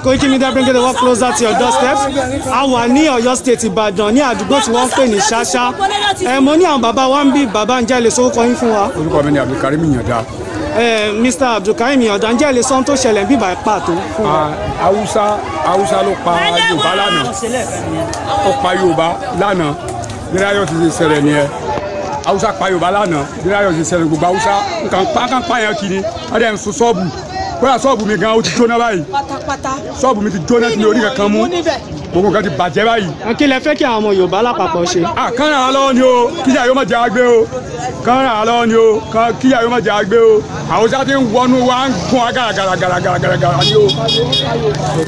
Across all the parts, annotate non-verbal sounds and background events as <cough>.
Koikimedia bring the work closer to your doorstep a wà ní Ọ̀yọ́ state Ìbàdàn ní àdúgbò tí wọ́n ń pè ní ṣáṣá ẹ mo ní àwọn bàbá wa ń bí bàbá ń jẹ́ lè sọ orúkọ yín fún wa. orúkọ mi ni Abdulkarim Yanda. Mr Abdulkarim Yanda ń jẹ́ lè sọ ohun tó ṣẹlẹ̀ bíbá pàtó fún wa. Haúsá Haúsá ló pa Yorùbá lánàá ó pa Yorùbá lánàá nílẹ̀ ayọ̀ ti ṣẹlẹ̀ ni ẹ Haúsá pa Yorùbá lánàá nílẹ̀ ayọ̀ ti ṣẹlẹ̀ gbogbo Haúsá nǹkan pa kan pa yẹn kiri ọ̀dẹ̀ ń sọ sọ́ọ̀bù kódà ṣọ́ọ̀bù mi gan ó ti jóná báyìí ṣọ́ọ̀bù mi ti jóná ti mi orí kankan mú gbogbo nǹkan ti bàjẹ́ báyìí. kí lẹ fẹ́ kí àwọn ọmọ Yorùbá lápapọ̀ ṣe. A kán ràn án lọ́wọ́ ni o kíyà yóò má jẹ́ àgbẹ̀ o kán ràn án lọ́wọ́ ni o kíyà yóò má jẹ́ àgbẹ̀ o àwọn sá ti ń wọnú wa ń gún wa gàràgàràgàràgàrà ni o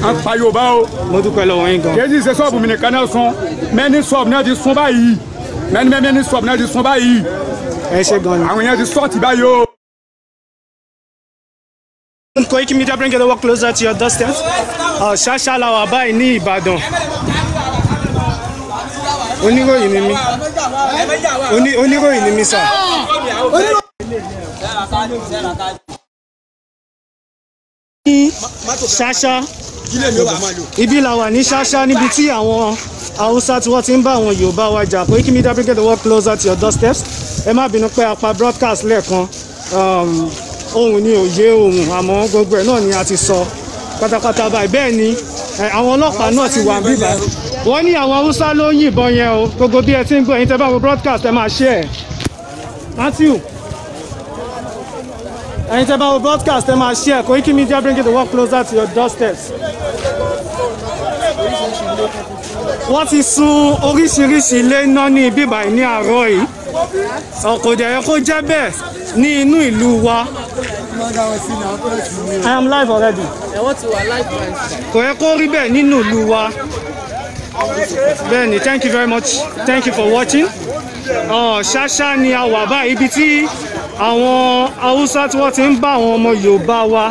à ń pa Yorùbá o. mo dúpẹ́ lọ́wọ́ yín gan. kéjì ṣe ṣọ́ọ̀bù mi nìkan náà sun mẹ́ni ṣọ́ọ̀bù náà ti sun báyìí mẹ́ni mẹ́ni ṣọ́ọ̀bù náà ti sun báyìí. ẹ ṣe gan ni. àwọn èèyàn ti sọ́ọ̀tì báyìí o. Koiki Media bring the work closer to your doorstep. Ṣáṣá la wà báyìí ní Ìbàdàn. Oníròyìn ni mí. Oníròyìn ni mí sà. Ní Ṣáṣá, ibi la wà ní Ṣáṣá níbi tí àwọn Hausa tí wọ́n ti ń bá àwọn Yorùbá wa jà Koiki Media bringing the work closer to your doorstep. Ẹ má bínú pé a pa broadcast lẹ́ẹ̀kan. Um, ohun ni òye ohun àmọ́ gbogbo ẹ̀ náà ni a ti sọ pátápátá báyìí bẹ́ẹ̀ ni àwọn ọlọ́pàá náà ti wà bíbá wọ́n ní àwọn haúsá ló ń yìnbọn yẹn o gbogbo bí ẹ ti ń gbọ́ ẹ̀yin tẹ́ bá wo broadcast ẹ máa ṣe ẹ̀ Matthew ẹ̀yin tẹ́ bá wo broadcast ẹ máa ṣe ẹ̀ Koiki Media bring the work closer to your doorstep wọ́n ti sun oríṣiríṣi ilé iná ní bíbá ní àárọ̀ yìí kò dẹ̀ kó jẹ́ bẹ́ẹ̀ ní inú ìlú wa. I am live already. kò yẹ kó rí bẹ́ẹ̀ nínú ìlú wa. bẹ́ẹ̀ni thank you very much thank you for watching. ṣáṣá ni a wà báyìí ibi tí àwọn haúsá tí wọ́n ti ń bá àwọn ọmọ yorùbá wa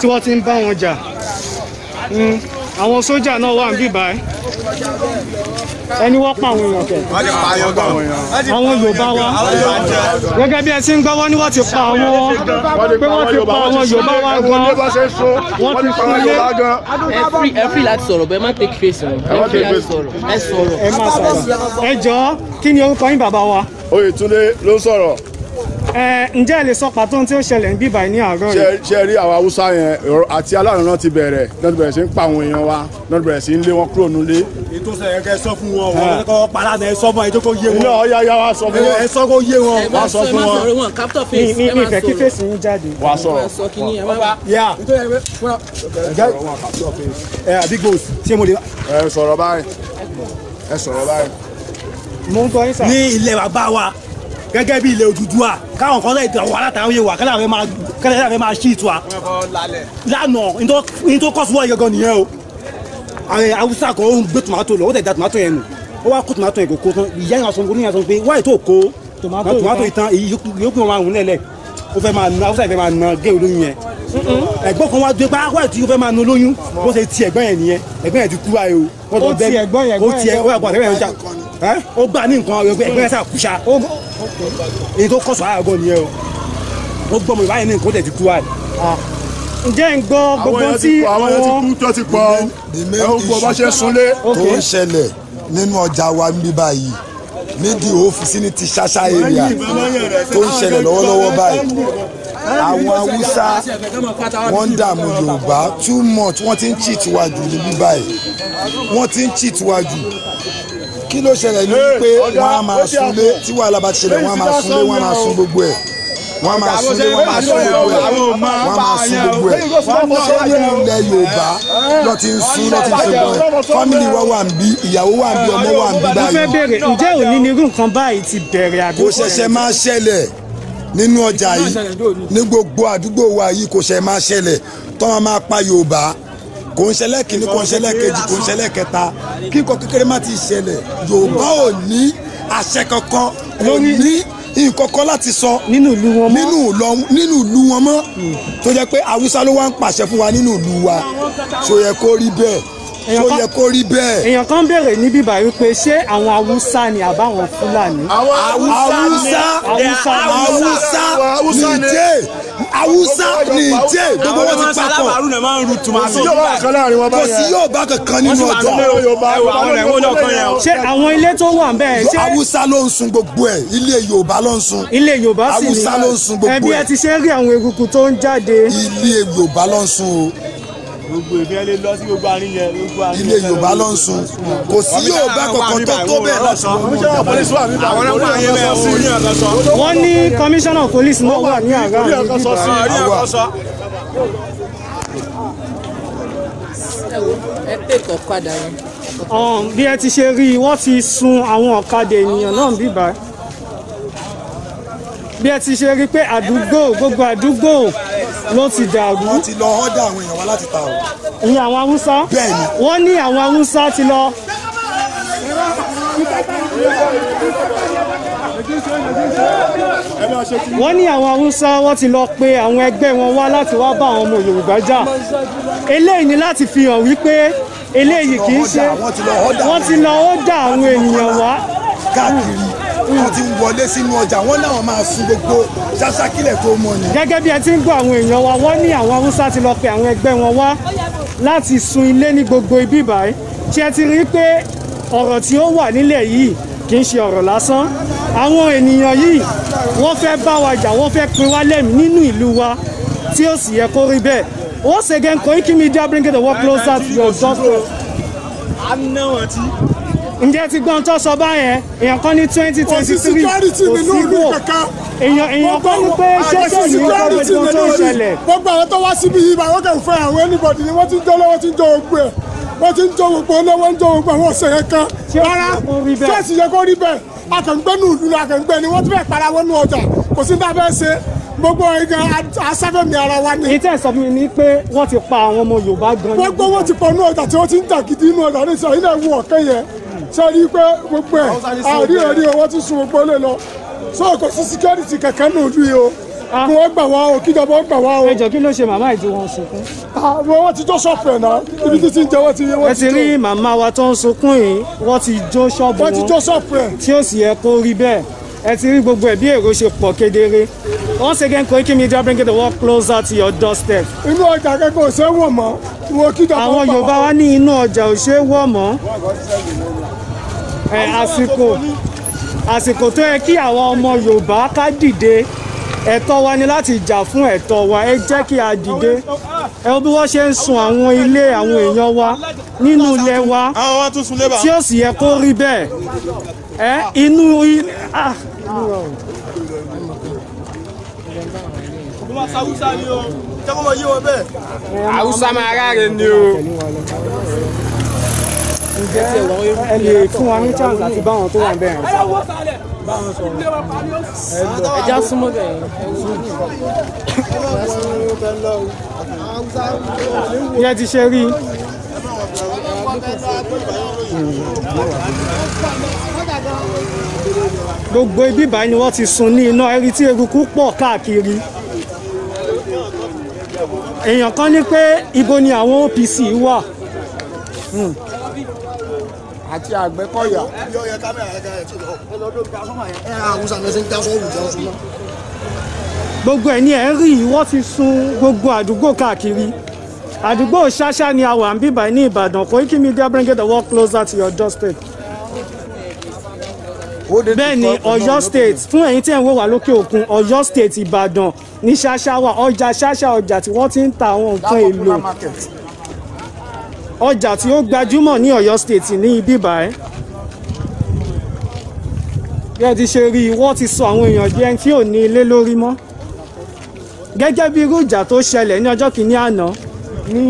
tí wọ́n ti ń bá wọn jà. Hmm, àwọn sójà náà wà níbí báyìí ẹni wọ́n pa àwọn èèyàn kẹ̀ àwọn Yorùbá wa gẹ́gẹ́ bí ẹ ti ń gbọ́ wọ́n ní wọ́n ti pa àwọn pé wọ́n ti pa àwọn Yorùbá wa gan wọ́n ti kú ilé. ẹ fi láti sọ̀rọ̀ bẹ́ẹ̀ má take face ọ̀ ẹ fi láti sọ̀rọ̀ ẹ sọ̀rọ̀. ẹ má sọ̀rọ̀ ẹ jọ̀ọ́ kí ni orúkọ yín bàbá wa. Oyètúndé ló ń sọ̀rọ̀ ǹjẹ́ ẹ lè sọ pàtó tí ó ṣẹlẹ̀ níbí báyìí ní àárọ̀ yìí. ṣe rí àwọn haúsá yẹn àti aláàrán ti bẹ̀rẹ̀ náà ti bẹ̀rẹ̀ sí ń pa àwọn èèyàn wa náà ti bẹ̀rẹ̀ sí ń lé wọn kúrò nílé. ètò sọ yẹn kẹ sọ fún wọn wọn kọ padà náà ẹ sọ fún ẹ tó kó yé wọn. náà yá yá wa sọ fún wọn. ẹ sọ kó yé wọn. wà á sọ fún wọn. mi mi fẹ́ kí fèsì yín jáde. wà á sọ̀rọ̀. ẹ sọ̀rọ̀ báyìí. mo ń gbọ́ yín sà. ní ilé wa bá wa gẹ́gẹ́ bí ilẹ̀ Odùduwà káwọn kan lẹ́yìn àwọn alátàáyé wa kẹ́lẹ́ àfẹ́ máa máa ṣí ìtura lánàá ní tó kọ́sùwọ́ yìí gangan nìyẹn o ààrẹ Haúsá kan ó ń gbé tòmátò lọ ó tẹ̀ da tòmátò yẹn nù ó wá kó tòmátò yẹn kò kó tán ìyá yẹn sọ ní yàtọ̀ pé wáyé tó kó tòmátò yìí tán ìyókù máa hùn lẹ́lẹ̀ ó fẹ́ máa na Haúsá yìí fẹ́ máa na gé olóyún yẹn ẹ̀gbọ́n kan wá dé pa ah, wáyé tí ó máa na olóyún bó ṣe ti ẹ̀gbọ́n yẹn nìyẹn ẹ̀gbọ́n yẹn ti kú wáyé o. ó ti ẹ̀gbọ́n yẹn ẹ̀gbọ́n yẹn ó gbà ní nǹkan ọ̀rọ̀ ẹgbẹ́ sá kùsà èyí tó kọ̀sọ̀ àgọ́ nìyẹn o ó gbọ́ mọ̀ ìbáyìí ní nǹkan tẹ̀ kú wa ni. ǹjẹ́ ń gbọ́ gbogbo tí àwọn èèyàn ti kú tó ti pọ̀ ẹ ó gbọ́ bá ṣe súnlé. tó ń ṣẹlẹ̀ nínú ọjà wa ń báyìí nídìí òfìsí ní ti ṣáṣá area tó ń ṣẹlẹ̀ lọ́wọ́lọ́wọ́ báyìí àwọn haúsá wọ́n ń dààmú yorùbá too much wọ́n ti ń cheat wa níbí báyìí wọ́n ti ń cheat wa kí ló ṣẹlẹ̀ ní pé wọ́n á máa súnlé tí wàhálà bá ti ṣẹlẹ̀ wọ́n á máa súnlé wọ́n á máa sún gbogbo ẹ̀ wọ́n á máa súnlé wọ́n á máa sún gbogbo ẹ̀ wọ́n á máa sún gbogbo ẹ̀ ṣé ní ilẹ̀ Yorùbá eh, lọ ti ń sún lọ ti ń sún gbọ́n fámìlì wa wà ń bí ìyàwó wà ń bí ọmọ wà ń bí báyìí. mo fẹ́ béèrè ǹjẹ́ òní ni irú nǹkan báyìí ti bẹ̀rẹ̀ àbí kò ṣẹ̀ṣẹ̀ máa ṣẹlẹ̀ nínú ọjà yìí ní gbogbo àdúgbò wa yìí kò ṣẹ̀ máa ṣẹlẹ̀ tọ́wọ́n máa pa Yorùbá kò ń ṣẹlẹ̀ kìíní kò ń ṣẹlẹ̀ kejì kò ń ṣẹlẹ̀ kẹta kí nǹkan kékeré má ti ṣẹlẹ̀ Yorùbá ò ní àṣẹ kankan kò ní nǹkan kan láti sọ nínú ìlú wọn mọ́ nínú ìlú wọn mọ́ hmm. tó jẹ́ pé Haúsá ló wá ń pàṣẹ fún wa nínú ìlú wa ṣó yẹ kó rí bẹ́ẹ̀ tó yẹ kó rí bẹ́ẹ̀. èèyàn kan béèrè ní bíbá wípé ṣé àwọn haúsá ni àbáwọn fúlàní. àwọn haúsá haúsá haúsá nìjẹ́ haúsá nìjẹ́ gbogbo wọn ti papọ̀ kò sí yóò bá kan láàrin wọn báyẹn kò sí yóò bá kankan nínú ọjọ́. ṣé àwọn ilé tó wà bẹ́ẹ̀ ṣé. haúsá ló ń sun gbogbo ẹ̀ ilé yorùbá ló ń sun. ilé yorùbá sì ni haúsá ló ń sun gbogbo ẹ̀. ẹbí ẹ ti ṣe rí àwọn eruku tó ń jáde. ilé yorùbá ló ń sun o gbogbo èmi ẹ lè lọ sí gbogbo àárín yẹn gbogbo àárín yẹn. ilé yorùbá ló ń sun kò sí yorùbá kankan tó tó bẹ́ẹ̀ lọ́sọ̀. wọ́n ní komisanna polisi náà wà ní àgbà bí ẹ ti ṣe rí i wọ́n ti sun àwọn ọ̀kadà ènìyàn náà bíbá bí ẹ ti ṣe rí i pé àdúgbò gbogbo àdúgbò ló ti dàrú. wọ́n ti lọ ọ́dà àwọn èèyàn wá láti ta o. ìyẹn àwọn haúsá. bẹ́ẹ̀ni. wọ́n ní àwọn haúsá ti lọ. wọ́n ní àwọn haúsá wọ́n ti lọ pe àwọn ẹgbẹ́ wọn wá láti wá bá àwọn ọmọ yorùbá jà eléyìí ni láti fi hàn wípé eléyìí kì í ṣe wọ́n ti lọ ọ́dà àwọn èèyàn wá. káàkiri wọ́n ti wọlé sínú ọjà wọ́n náà máa sun gbogbo ṣáṣákílẹ̀ tó mọ ni. gẹ́gẹ́ bí ẹ ti ń gbọ́ àwọn èèyàn wa wọ́n ní àwọn haúsá ti lọ pe àwọn ẹgbẹ́ wọn wá láti sun ilé ní gbogbo ibi ìbàyí tí ẹ ti rí pé ọ̀rọ̀ tí ó wà nílẹ̀ yìí kì í ṣe ọ̀rọ̀ lásán àwọn ènìyàn yìí wọ́n fẹ́ bá wa jà wọ́n fẹ́ pin wá lẹ́mìí nínú ìlú wa tí ó sì yẹ kó rí bẹ́ẹ̀ once again Koiki Media bring the work closer to your doorstep ǹjẹ́ ti gbọ́n tó sọ báyẹn èèyàn kan ní twenty twenty three kò sí bò èèyàn èèyàn kan ní pé ṣẹ́ẹ̀sì ní kọ́wé tí wọ́n tó ń ṣẹlẹ̀. gbogbo àwọn tó wá síbi yìí báwọn kẹrù fún àwọn anybody ni wọ́n ti ń jọ lọ́wọ́ ti ń jọ ogun ẹ̀ wọ́n ti ń jọ gbogbo olówó ń jọ gbogbo àwọn ọ̀sẹ̀ yẹn kan rárá ṣẹ́ẹ̀sì yẹ kó rí bẹ́ẹ̀ akẹ̀ǹgbẹ́ nù ìlú akẹ̀ǹgbẹ́ ni wọ́n ti fẹ́ parawọ́ nù ọjà kò sí bá fẹ́ ṣe gbogbo ìgbà asáfẹ́mi ara wa ni. ìtẹ́ sọ mi ni pé wọ́n ti pa àwọn ọmọ Yorùbá gan-an. gbogbo wọn ti pọ̀ nù ọjà tí wọ́n ti ń jà gidi nù ọjà ní ìsọ̀rọ̀ ilé ìwọ̀n kẹ́yẹ ṣe rí i pé gbogbo ẹ̀ àríyànrí owó tún sun gbogbo lè lọ so kò sí security kankan nù lù yìí o ah. kí wọ́n gbà wá o kí ìjọba ó gbà wá o. ẹ kí ló ṣe màmá ìdí wọn sunkún. Ah, wọ́n ti jó ṣọ́ọ̀bù ẹ̀ náà ibi tí ti ń jẹ wọ́n ti jó. ẹ ti rí màmá wa tó ń sunkún yìí wọ́n ti jó ṣọ́ọ̀bù wọn. ti jó ṣọ́ọ̀bù ẹ̀. tí ó sì yẹ kó rí bẹ́ẹ̀ ẹ ti rí gbogbo ẹ̀ bí èrò ṣe pọ̀ kedere. once again Koiki Media bring the world closer to your doorstep. inú ọjà kẹ́kọ̀ọ́ ṣé wọ̀ mọ́ àwọn Yorùbá wa ní inú ọjà ò ṣe é wọ̀ àsìkò àsìkò tó yẹ kí àwọn ọmọ Yorùbá ká dìde ẹ̀tọ́ wa ni láti jà fún ẹ̀tọ́ wa ẹ jẹ́ kí a dìde ẹ bí wọ́n ṣe ń sun àwọn ilé àwọn èèyàn wa nínú ilẹ̀ wa tí ó sì yẹ kó rí bẹ́ẹ̀ ẹ inú ilé. Hausa máa ráre ni o ǹjẹ́ ẹ lè fún wa ní chance àti báwọn tó wà ń bẹ̀rẹ̀ já súnmọ́ bẹ̀ yẹn. yẹn ti ṣe rí. gbogbo ibi báyìí ni wọ́n ti sun ní iná ẹ̀rí tí eruku pọ̀ káàkiri èèyàn kan ní pé ibo ni àwọn OPC wà. Hmm àti àgbẹ̀kọ̀yà. yọ yẹ kámẹ́rà ẹ rí yìí wọ́n ti sun gbogbo àdúgbò káàkiri àdúgbò ṣáṣá ni a wà ń bíbà ní Ìbàdàn Koiki Media bring the world closer to your doorstep bẹ́ẹ̀ ni Ọ̀yọ́ state fún ẹ̀yin tí ẹ̀ ń wò wá lókè òkun Ọ̀yọ́ state Ìbàdàn ní ṣáṣá wà ọjà ṣáṣá ọjà tí wọ́n ti ń ta àwọn nǹkan èlò ọjà tí ó gbajúmọ̀ ní Ọ̀yọ́ state ní ibí báyìí bí ẹ ti ṣe rí i wọ́n ti sọ àwọn èèyàn bí ẹni tí ò ní ilé lórí mọ́ gẹ́gẹ́ bí irú ìjà tó ṣẹlẹ̀ ní ọjọ́ kìíní àná ní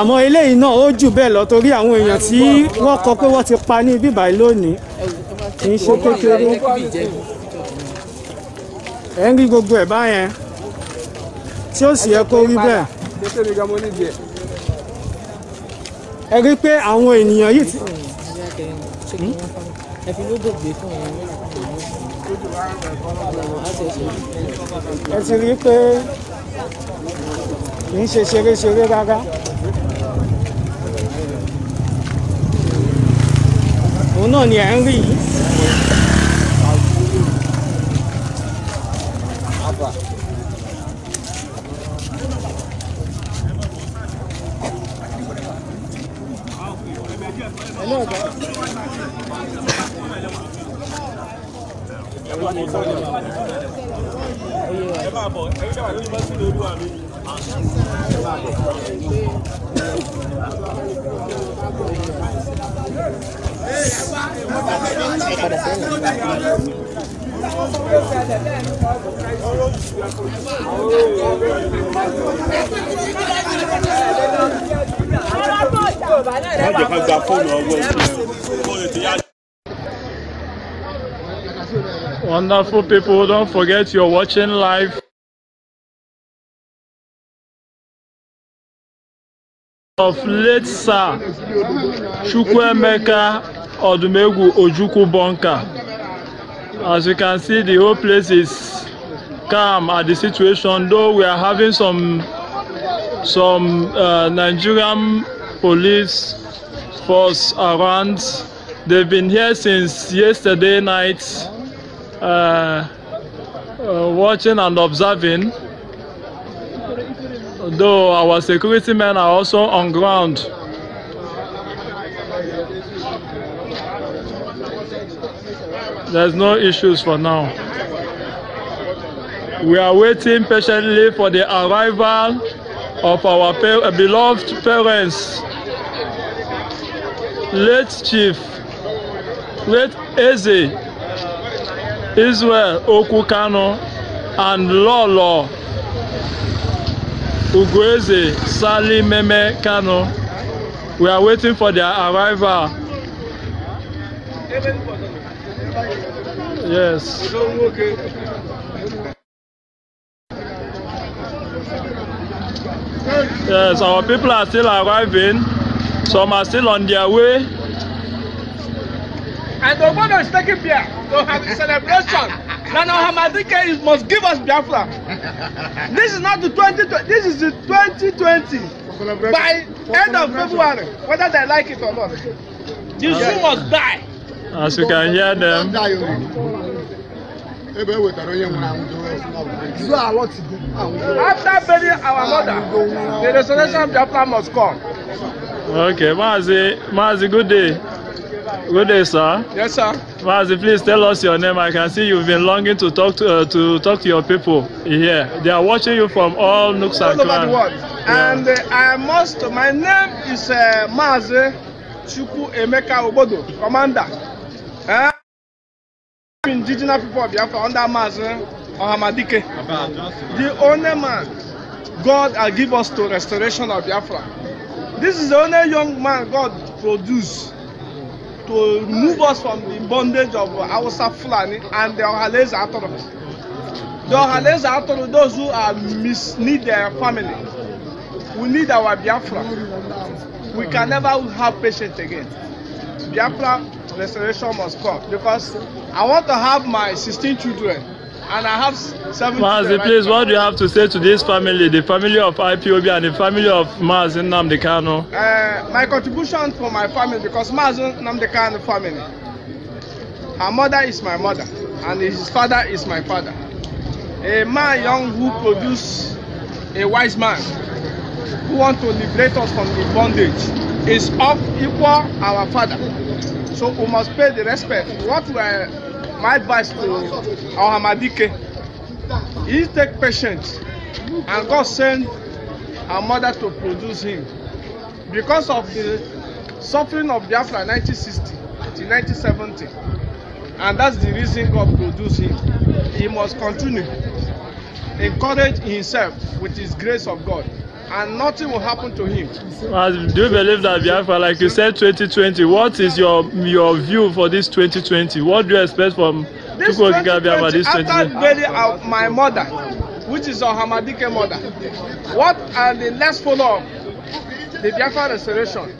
àmọ́ eléyìí náà ó jù bẹ́ẹ̀ lọ torí àwọn èèyàn tí wọ́n kọ pé wọ́n ti pa ní ibí báyìí lónìí kì í ṣe kékeré ẹ̀ ń rí gbogbo ẹ̀ báyẹn tí ó sì yẹ kó rí bẹ́ẹ̀ kété mi gan mo nídìí ẹ̀. ẹ rí i pé àwọn ènìyàn yìí ti. ẹ fi lógo gbé fún wọn. ẹ ti rí i pé kì í ṣe ṣeré-ṣeré rárá. òun náà ni ẹ̀ ń rí yìí. wonderful people. Don't forget you're watching live. Of late sir Chukwemeka Odumegu Ojuku, Bonka. As you can see, the whole place is calm at the situation, though we are having some some uh, Nigerian police force around. They've been here since yesterday night. Uh, uh, watching and observing though our security men are also on ground. There's no issues for now. We are waiting patiently for the arrival of our pa uh, beloved parents. Late Chief, late Eze Israel Okwukanu and Lolo Ugueze Sali Meme Kanu. We are waiting for their arrival. Yes. Yes, our people are still arriving. Some are still on their way. And the one is taking beer to have a celebration. Nana Hamadike must give us Biafra. This is not the 20, this is the 2020. By end of February, whether they like it or not. The yes. zoo must die. As you can hear them. Oh. After burying our mother, the resurrection of Biafra must come. Okay, Mazi, Mazi, good day. Good day, sir. Yes, sir. Mazi, please tell us your name. I can see you've been longing to talk to uh, to talk to your people here. They are watching you from all nooks all and over the world. Yeah. And uh, I must. My name is uh, Mazi Chukwu Emeka Obodo, Commander. Uh, indigenous people of Biafra under Mazi Ohamadike, the only man God has given us to restoration of Biafra. This is the only young man God produced to remove us from the bondage of Hausa Fulani and the Ohalese autonomy. The Ohalese autonomy, those who are mis- need their family, we need our Biafra. We can never have patience again. Biafra restoration must come because I want to have my 16 children and I have seven. Mazi, right please, what do you have to say to this family, the family of IPOB and the family of Mazi Namdekano? Uh, my contribution for my family, because Mazi Namdekano family, her mother is my mother, and his father is my father. A man young who produced a wise man who want to liberate us from the bondage is of equal our father. So we must pay the respect. What we are my advice to our Hamadike is take patience and God send our mother to produce him because of the suffering of Biafra 1960 to 1970 and that's the reason God produced him he must continue encourage himself with his grace of God and nothing will happen to him. As do you believe that Biafra, like you said, 2020? What is your your view for this 2020? What do you expect from this Tukwuka Biafra this 2020? After bury uh, my mother, which is our Hamadike mother, what are the next follow-up? The Biafra restoration.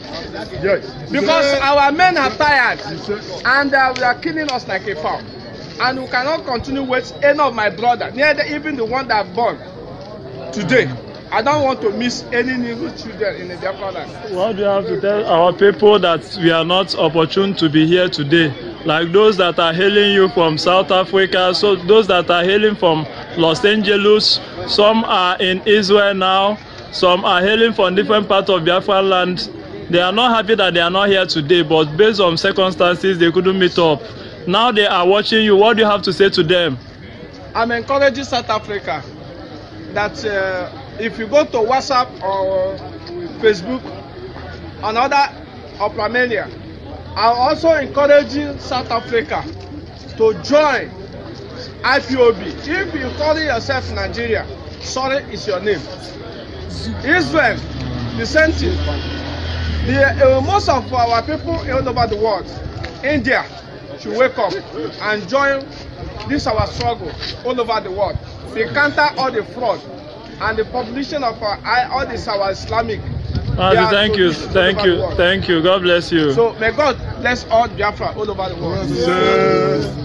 Yes. Because our men are tired and uh, they are killing us like a fowl. And we cannot continue with any of my brother, neither even the one that born today. I don't want to miss any Negro children in the Biafra What do you have to tell our people that we are not opportune to be here today? Like those that are hailing you from South Africa, so those that are hailing from Los Angeles, some are in Israel now, some are hailing from different parts of Biafra land. They are not happy that they are not here today, but based on circumstances, they couldn't meet up. Now they are watching you. What do you have to say to them? I'm encouraging South Africa that uh, if you go to whatsapp or facebook another other opramania i'm also encouraging south africa to join ipob if you call yourself nigeria sorry is your name israel the same thing the uh, most of our people all over the world india should wake up and join this our struggle all over the world they counter all the fraud and the population of our, all this our Islamic. Ah, thank you, thank you, thank you. God bless you. So may God bless all Biafra all over the world. Yes.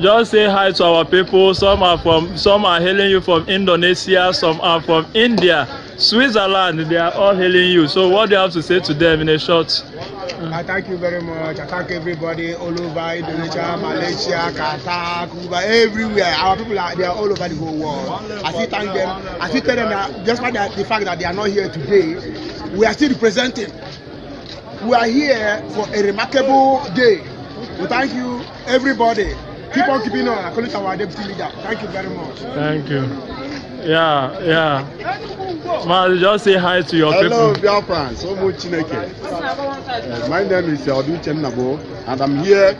Just say hi to our people. Some are from, some are hailing you from Indonesia. Some are from India, Switzerland. They are all hailing you. So what do you have to say to them in a short? Uh, I thank you very much. I thank everybody all over Indonesia, Malaysia, Qatar, Cuba, everywhere. Our people are they are all over the whole world. I still thank them. I still tell them that despite that, the fact that they are not here today, we are still representing. We are here for a remarkable day. We thank you, everybody. Keep on keeping on. I call it our deputy leader. Thank you very much. Thank you. Yeah, yeah. Ma, just say hi to your Hello, people. Hello, dear friends. So much Chineke. Uh, my name is Odu Chenabo, and I'm here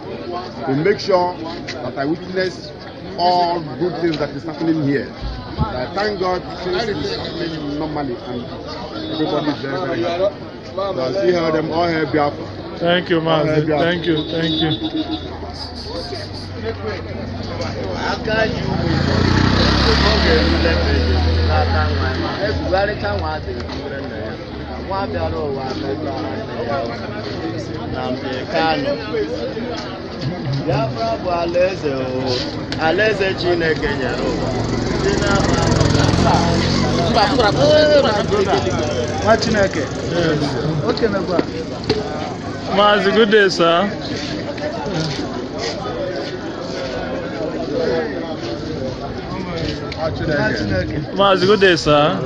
to make sure that I witness all good things that is happening here. I thank God things is happening normally, and everybody is very, very happy. So I see how them all here Biafra. Thank you, man. Thank you. Thank you. Thank you. ya bụ alaeze alaeze Chineke nyere ụwa Maazị Goodday Mazi, good day, sir.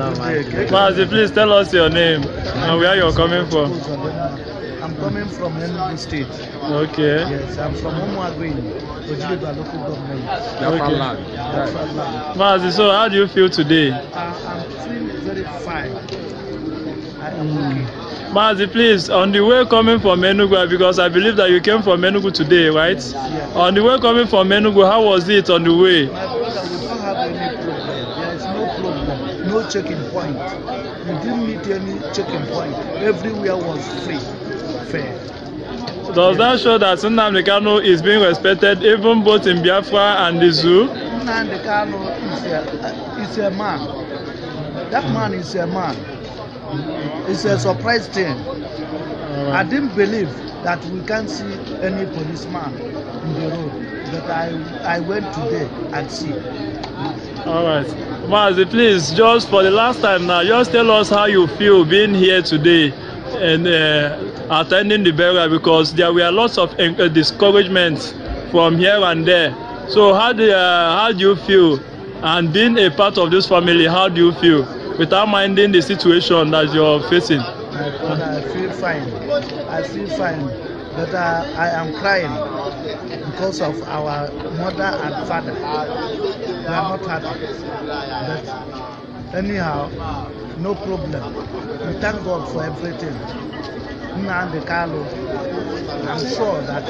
Mazi, please tell us your name and where you're coming from. I'm coming from Enugu State. Okay. Yes, I'm from Umuagwin, Ojiloba local government. Okay. Right. Maazị, so how do you feel today? Uh, I'm feeling very fine. I Mazi, please, on the way coming from Enugu, because I believe that you came from Enugu today, right? Yes. On the way coming from Enugu, how was it on the way? checking point. We didn't meet any checking point. Everywhere was free, fair. Does that show that Nnamdi Kano is being respected even both in Biafra and the zoo? Nnamdi Kano is a, is a man. That man is a man. It's a surprise thing. I didn't believe that we can't see any policeman in the road, but I, I went today and see. All right. Mazi, please, just for the last time now, just tell us how you feel being here today and uh, attending the burial because there were lots of uh, discouragements from here and there. So how do, uh, how do you feel? And being a part of this family, how do you feel? Without minding the situation that you're facing. I feel fine. I feel fine. But uh, I am crying because of our mother and father. They are not happy. But anyhow, no problem. We thank God for everything. Nnamdi Kalu, I'm sure that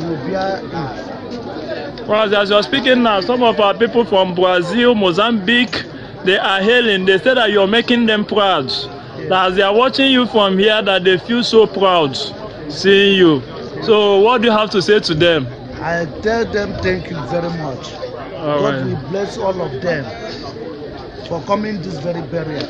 he will bear it. Well, as you're speaking now, some of our people from Brazil, Mozambique, they are hailing. They say that you're making them proud. that they are watching you from here that they feel so proud seeing you so what do you have to say to them. i tell them thank you very much all god right. will bless all of them for coming this very burial.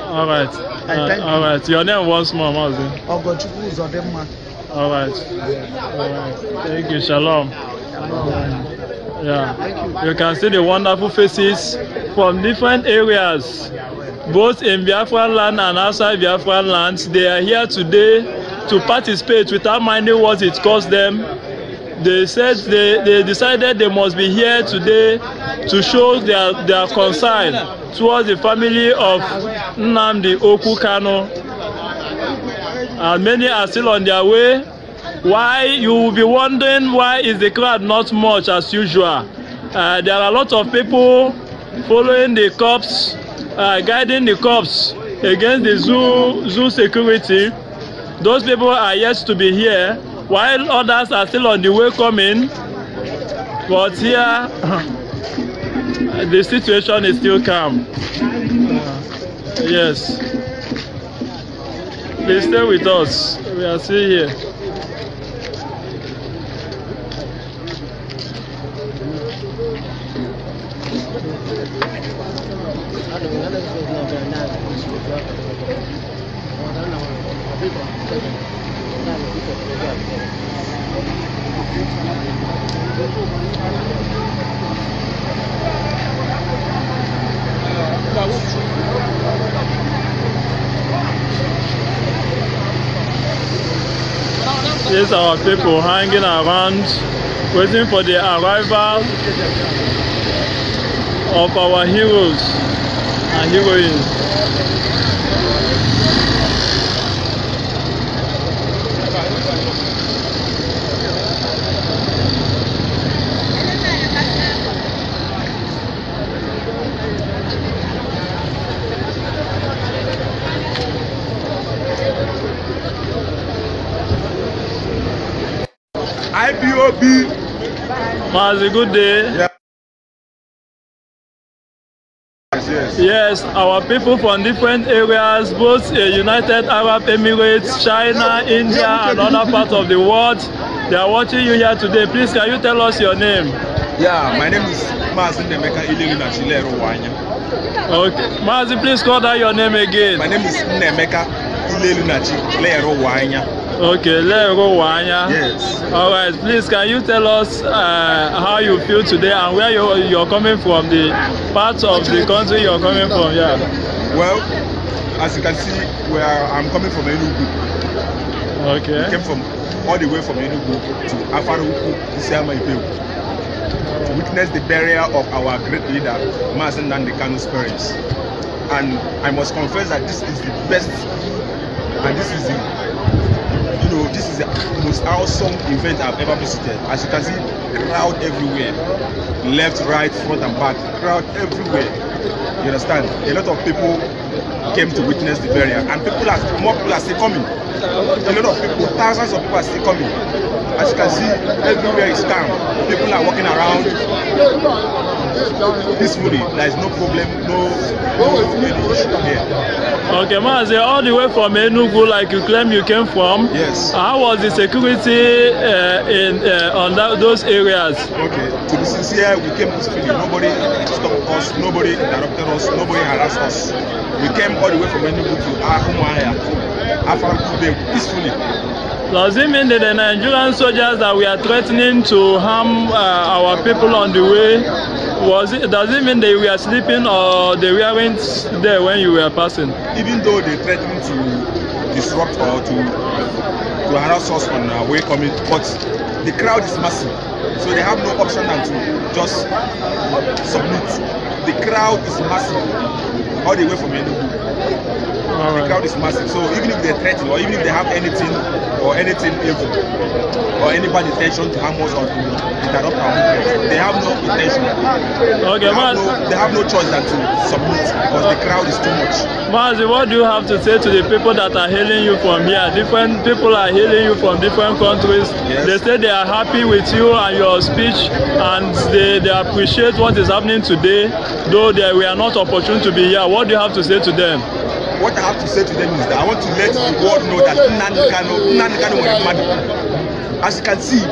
all right i uh, all you. all right your name once more maazin. ogochukwu uzodinma. all right yeah. all right thank you shalom. shalom. Yeah. Yeah. You. you can see the wonderful faces from different areas both in Biafran land and outside Biafran land. They are here today to participate without minding what it costs them. They said they, they decided they must be here today to show their, their concern towards the family of Nnamdi Okukano. And many are still on their way. Why you will be wondering why is the crowd not much as usual? Uh, there are a lot of people following the cops uh, guiding the cops against the zoo, zoo security. Those people are yet to be here, while others are still on the way coming. But here, the situation is still calm. Yes. Please stay with us. We are still here. this our people hanging around waiting for the arrival of our heroes and heroines. was a good day. Yes, yes. yes, our people from different areas, both uh, United Arab Emirates, China, India, and other parts of the world, they are watching you here today. Please, can you tell us your name? Yeah, my name is Mazin Nemeka Ililuna Chilero Okay, Mazin, please call that your name again. My name is Nemeka Ililuna Chilero Okay, let's go Wanya. Yes. All right, please can you tell us uh, how you feel today and where you're, you're coming from, the part of the country you're coming from? Yeah. Well, as you can see, where I'm coming from Enugu. Okay. We came from all the way from Enugu to Afaruku, Isiama Ipewu, to witness the burial of our great leader, Mazen Nandekano's parents. And I must confess that this is the best, and this is the you know this is the most awesome event I've ever visited as you can see crowd everywhere left right front and back crowd everywhere you understand a lot of people came to witness the burial and people are more people are still coming a lot of people thousands of people are still coming as you can see everywhere is calm people are walking around Peacefully, there is no problem no no Okay, Maazị, all the way from Enugu, like you claim you came from. Yes. How was the security uh, in uh, on that, those areas? Okay, to be sincere, we came peacefully. Nobody stopped us, nobody interrupted us, nobody harassed us. We came all the way from Enugu to Ahumuahia, Afarakube, peacefully. Does it mean that the Nigerian soldiers that we are threatening to harm uh, our people on the way Was it, does it mean they were sleeping or they weren't there when you were passing? Even though they threatened to disrupt or to to harass us on our way coming, but the crowd is massive, so they have no option than to just submit. The crowd is massive, all the way from Enugu right. the crowd is massive. So even if they're threaten or even if they have anything or anything evil or any bad intention to harm us or to interrupt our movement, they have no intention. Okay, they, have no, they have no choice than to submit because uh, the crowd is too much. Mazi, what do you have to say to the people that are hailing you from here? Different people are hailing you from different countries. Yes. They say they are happy with you and your speech and they, they appreciate what is happening today, though they we are not opportune to be here. What do you have to say to them? what I have to say to them is that I want to let the world know that Nnamdi Kanu Nnamdi Kanu was a As you can see,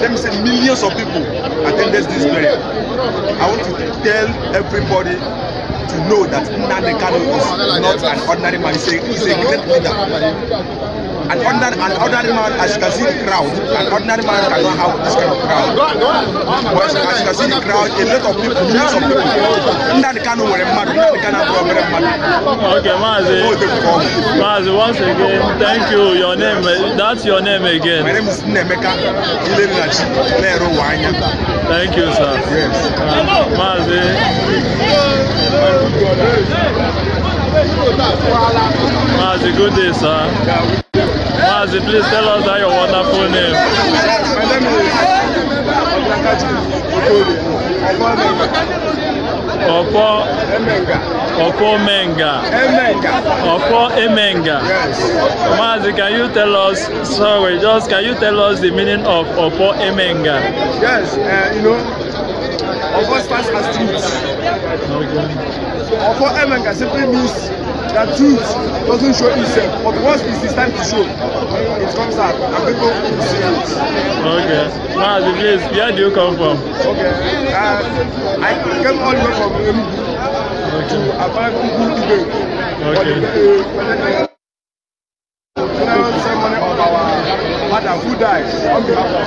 let me say millions of people attended this prayer. I want to tell everybody to know that Nnamdi Kanu is not an ordinary man. he's a great leader. An ordinary, an ordinary man, as you can see the crowd, an ordinary man cannot have this kind of crowd. But as you can see the crowd, a lot of people, millions of people, under the Kano were mad, under the Kano were mad. Okay, Mazi. Mazi, once again, thank you. Your name, that's your name again. My name is Nemeka Ilerinachi Lero Wanya. Thank you, sir. Yes. Uh, Mazi. Mazi, good day, sir. Mazi, please tell us that your wonderful name. My name is Abdulakati Okori. Ọ̀pọ̀ Emenga. Ọ̀pọ̀ Menga. Emenga. Opo Emenga. Yes. Mazi, can you tell us, sorry, just can you tell us the meaning of Opo Emenga? Yes, uh, you know, Of Offer stands as truth. Offer Emenga simply means that truth doesn't show itself, but once it is time to show, it comes out and people will see it. Okay. Now, the place, where do you come from? Okay. Uh, I came all the way from Enugu okay. Uh, to Abakuku Ibe. Okay father who dies on behalf of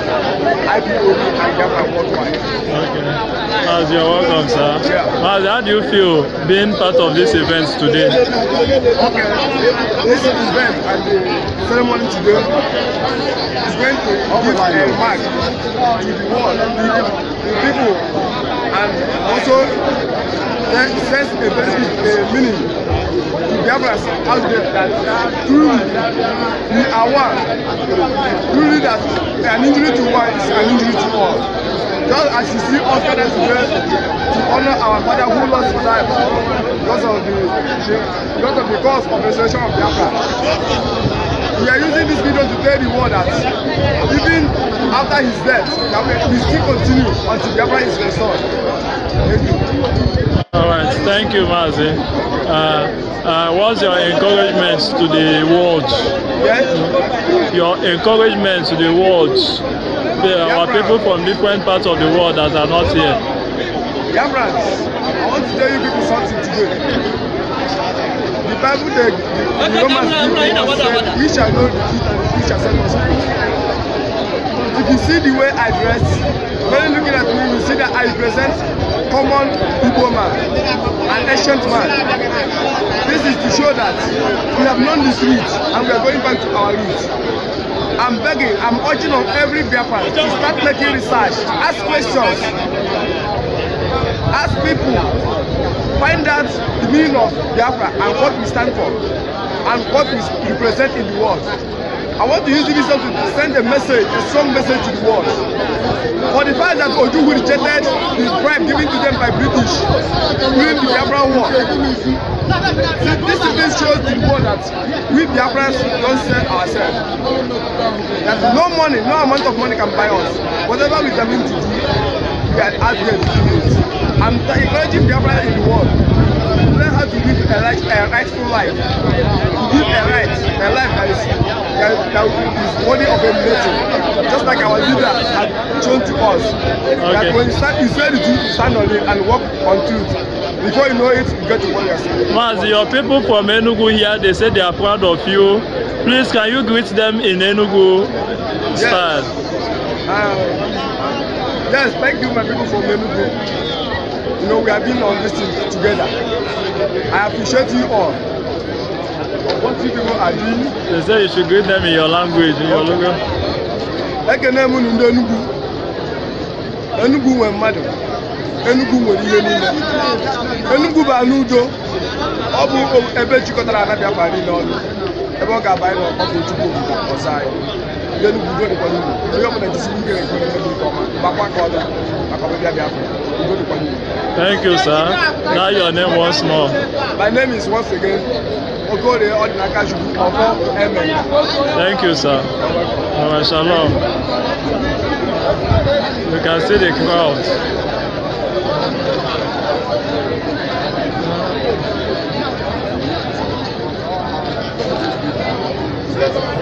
IPOB Nigeria worldwide. Okay. As you're welcome, sir. Yeah. As, how do you feel being part of this event today? Okay. This event and the ceremony today is going to give a mark to the world, the people, and also sense a, a meaning Biafras out there truly we are one. Truly that an injury to one is an injury to all. Just as you see us today to honor our father who lost his life because of the because of the cause of restoration of Biafra. We are using this video to tell the world that even after his death, that we still continue until Biafra is restored. Thank you. All right, thank you, Mazi. Uh, uh, what's your encouragement to the world? Your encouragement to the world. There are people from different parts of the world that are not here. Yamrans, I want to tell you people something today. The Bible, the, the, the Romans, we shall know the truth and the truth shall set us free. If you see the way I dress, When looking at me, you see that I represent common Igbo man, an ancient man. This is to show that we have known this root and we are going back to our roots. I'm begging, I'm urging on every Biafran to start making research, ask questions, ask people, find out the meaning of Biafra and what we stand for and what we represent in the world. I want to use this something to send a message, a strong message to the world. For the fact that Ojuwu rejected the bribe given to them by British during the Biafran War. This even shows the world that we Biafrans don't sell ourselves. That no money, no amount of money can buy us. Whatever we determine to do, we are out there to do it. I'm encouraging Biafran in the world. Learn how to live a rightful life give a right, a life that is that, that is worthy of a blessing. Just like our leader had shown to us. Okay. That when you stand, it's very to stand on it and walk on truth. Before you know it, you get to what you're saying. Mas, your people from Enugu here, they say they are proud of you. Please, can you greet them in Enugu yes. style? Uh, yes, thank you, my people from Enugu. You know, we have been on this thing together. I appreciate you all. They say you should greet them in your language, in your logo. Ekene m ndị Enugu. Enugu nwere mmadụ. Enugu nwere ihe niile. Enugu bụ anụ udo. Ọ bụ ebe jikọtara ana Biafra niile ọnụ. Ebe ọ ga-aba anyị n'ọkpọ bụ Chukwu ọzọ anyị. Ndị Enugu udo dịkwa n'Igbo. Onye ọbụla jisiri ike ekwe nke ọma. Gbakwa ka ọ bịa maka ọbịbịa Biafra. Udo dịkwa n'Igbo. Thank you, sir. Now your name once more. My name is once again Okore Odinakashu ọ̀fọ́ ẹ̀mẹ̀. Thank you sir. Ọ̀rọ̀ shalom. You can see the crowd. Thank you.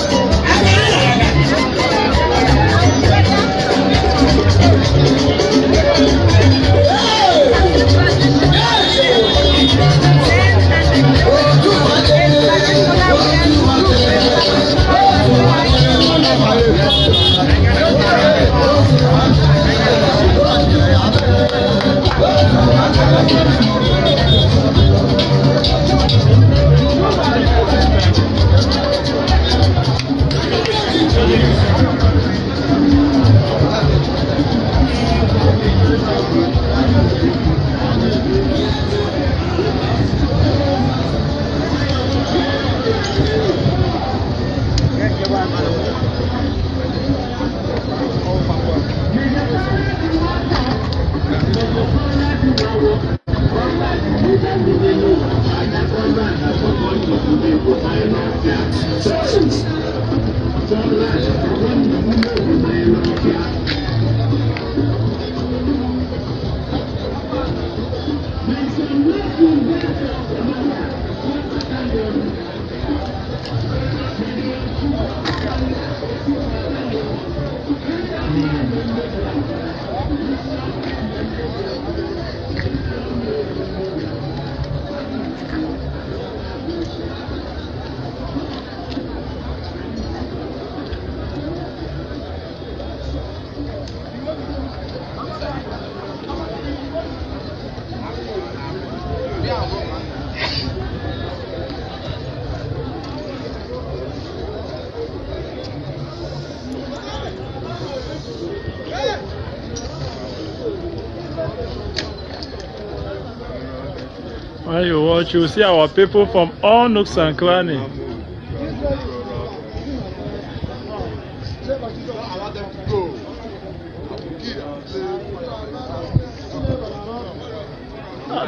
church, you will see our people from all nooks and crannies.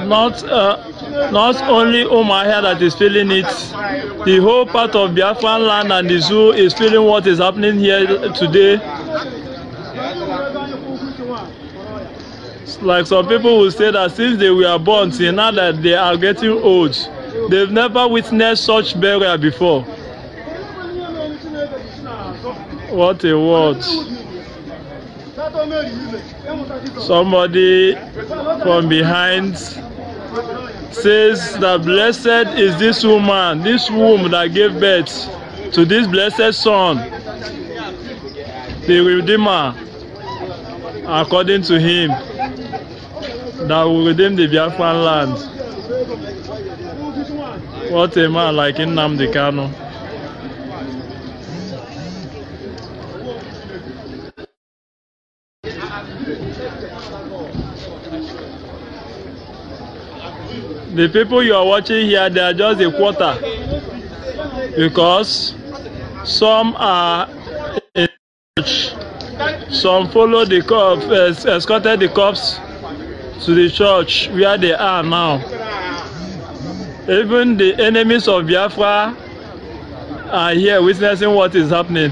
Not, uh, not only Omahia that is feeling it, the whole part of Biafran land and the zoo is feeling what is happening here today like some people will say that since they were born till now that they are getting old, they've never witnessed such burial before. What a word. Somebody from behind says that blessed is this woman, this womb that gave birth to this blessed son, the Redeemer, according to him that will redeem the Biafran land. What a man like Nnamdi Kanu. The people you are watching here, they are just a quarter because some are in church, some follow the cops, escorted the cops to the church where they are now. Even the enemies of Biafra are here witnessing what is happening.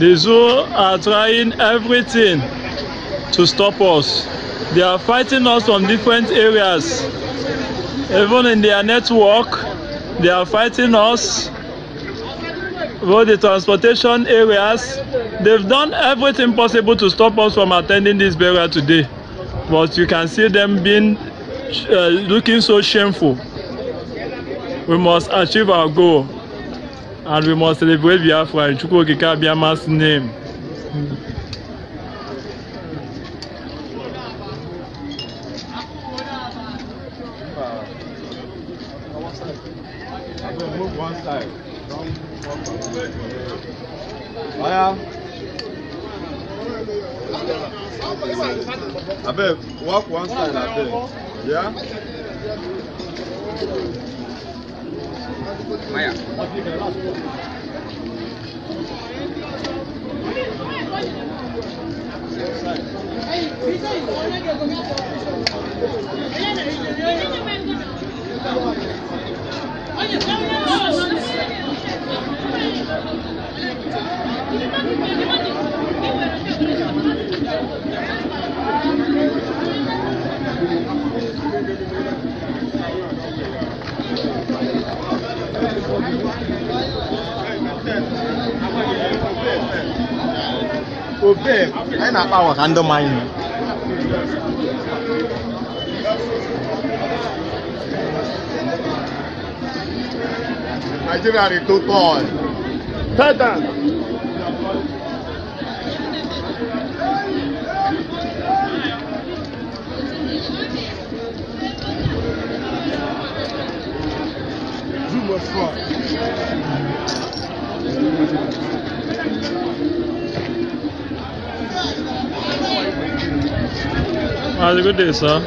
The zoo are trying everything to stop us. They are fighting us from different areas. Even in their network, they are fighting us. For the transportation areas, they've done everything possible to stop us from attending this burial today. But you can see them being uh, looking so shameful. We must achieve our goal. and we must celebrate Biafra in Chukwu Okike Abiyama's name. anyị na-akpa agwa ka ndị manyị Nigeria dey too tall. Third down. Zoom was fun. Mazi, good day, sir.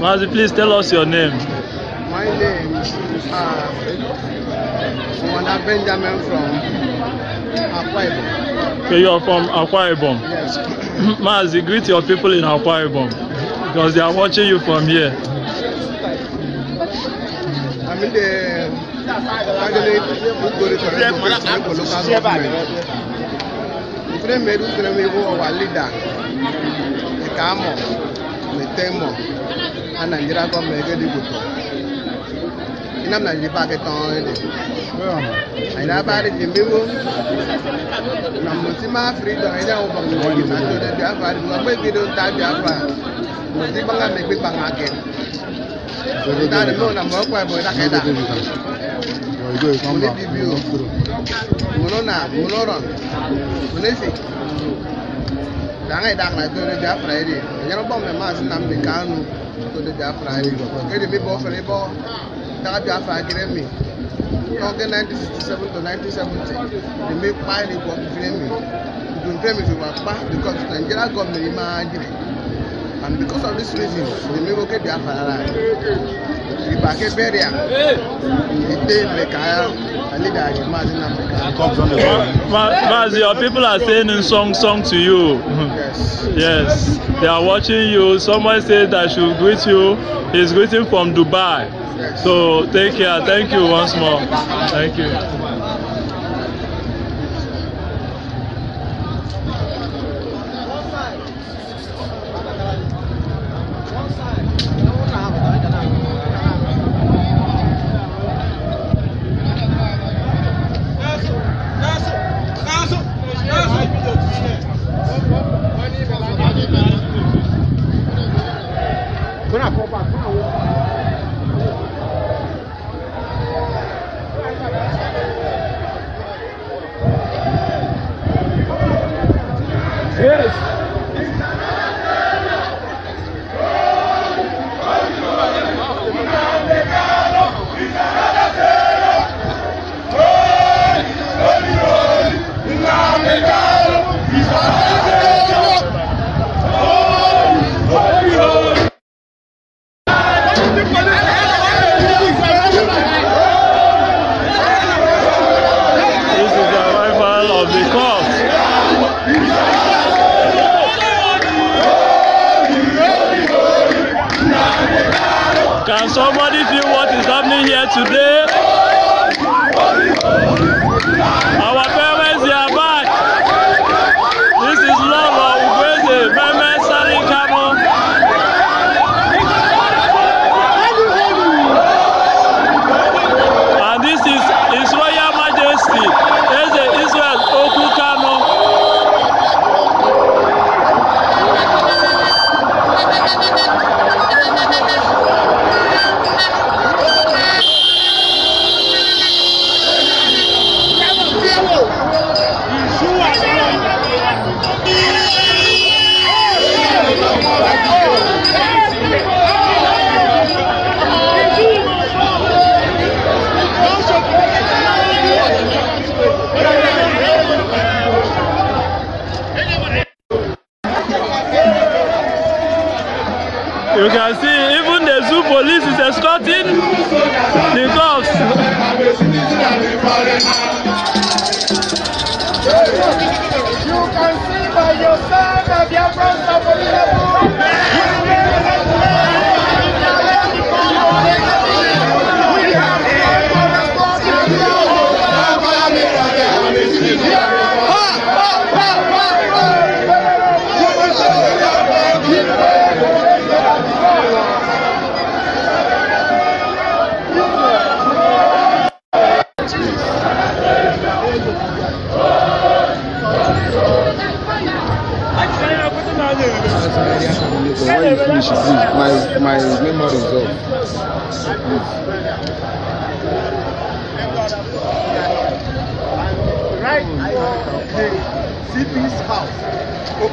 Mazi, please tell us your name. My name is uh, Wanda Benjamin from Akwa Ibom. Okay, you are from Akwa Ibom. Yes. <clears throat> Mazi, greet your people in Akwa Ibom because they are watching you from here. I'm in the candidate who go local government. Friend Meru Kremigo, leader ka a mọ̀ mete mọ̀ a Nàìjíríà gọ́ọ̀mẹ̀ ẹgbẹ́ dìbò tọ̀ iná Nàìjíríà bá kẹtàn ẹ̀dẹ̀ àyìnlá bá rí di mbébó nà mùsí máa firi dọ̀ ẹ̀dẹ̀ àwọn bàmù wọ̀nyí máa tó dẹ̀ Biafra dùn wọ́n pé kí ló ń ta Biafra mùsí bá ń gbàgbé gbé gbàgbà kẹ ìdá rẹ̀ mọ̀ nà mọ̀ ọ́kọ̀ ẹ̀bọ̀ ìdákẹ́dà mùsí bíbí o mùnọ́nà mùnọ́rọ̀ mùnẹ́sì danga idak na to de biafra edi enyere bɔ mɛ maa si na mbi kanu to de biafra edi edi mi bɔ fɛnɛ bɔ daga biafra kiri mi n'oge 1967 to 1970 de mi kpa ni bɔ fɛnɛ mi dunfɛn mi fi wa kpa because nigeria government ma jiri and because of this reason de mi ko ke biafra la ibake beria ite mekaya leader is Mazi Namdeka. Mazi, your people are singing song song to you. Yes. They are watching you. Someone said I should greet you. He's greeting from Dubai. So take care. Thank you once more. Thank you. Thank you.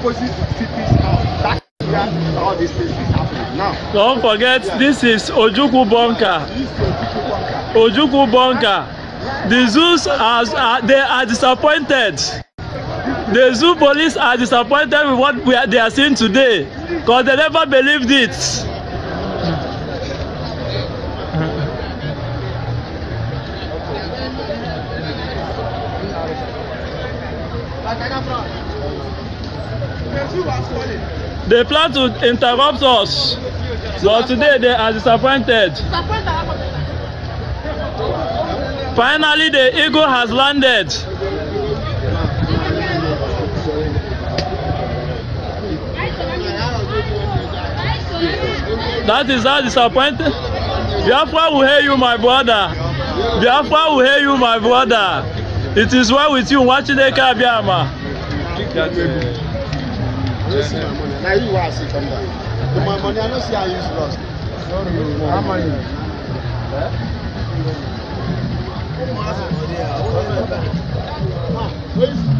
opposite CP's house. all these things is happening now. Don't forget, yeah. this is Ojuku Bunker. This Ojuku Bunker. The zoos are, are uh, they are disappointed. The zoo police are disappointed with what we are, they are seeing today because they never believed it. They plan to interrupt us, but today they are disappointed. Finally, the eagle has landed. That is how disappointed. Biafra will hear you, my brother. Biafra will hear you, my brother. It is well with you, watching the Kabiama yes, sir. Now you want to see money, I know see I use lost.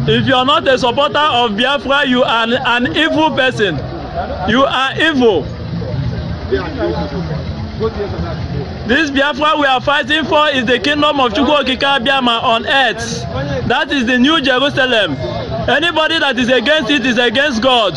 If you are not a supporter of Biafra, you are an, an evil person. You are evil. This Biafra we are fighting for is the kingdom of Chukwokika Biama on earth. That is the new Jerusalem. Anybody that is against it is against God.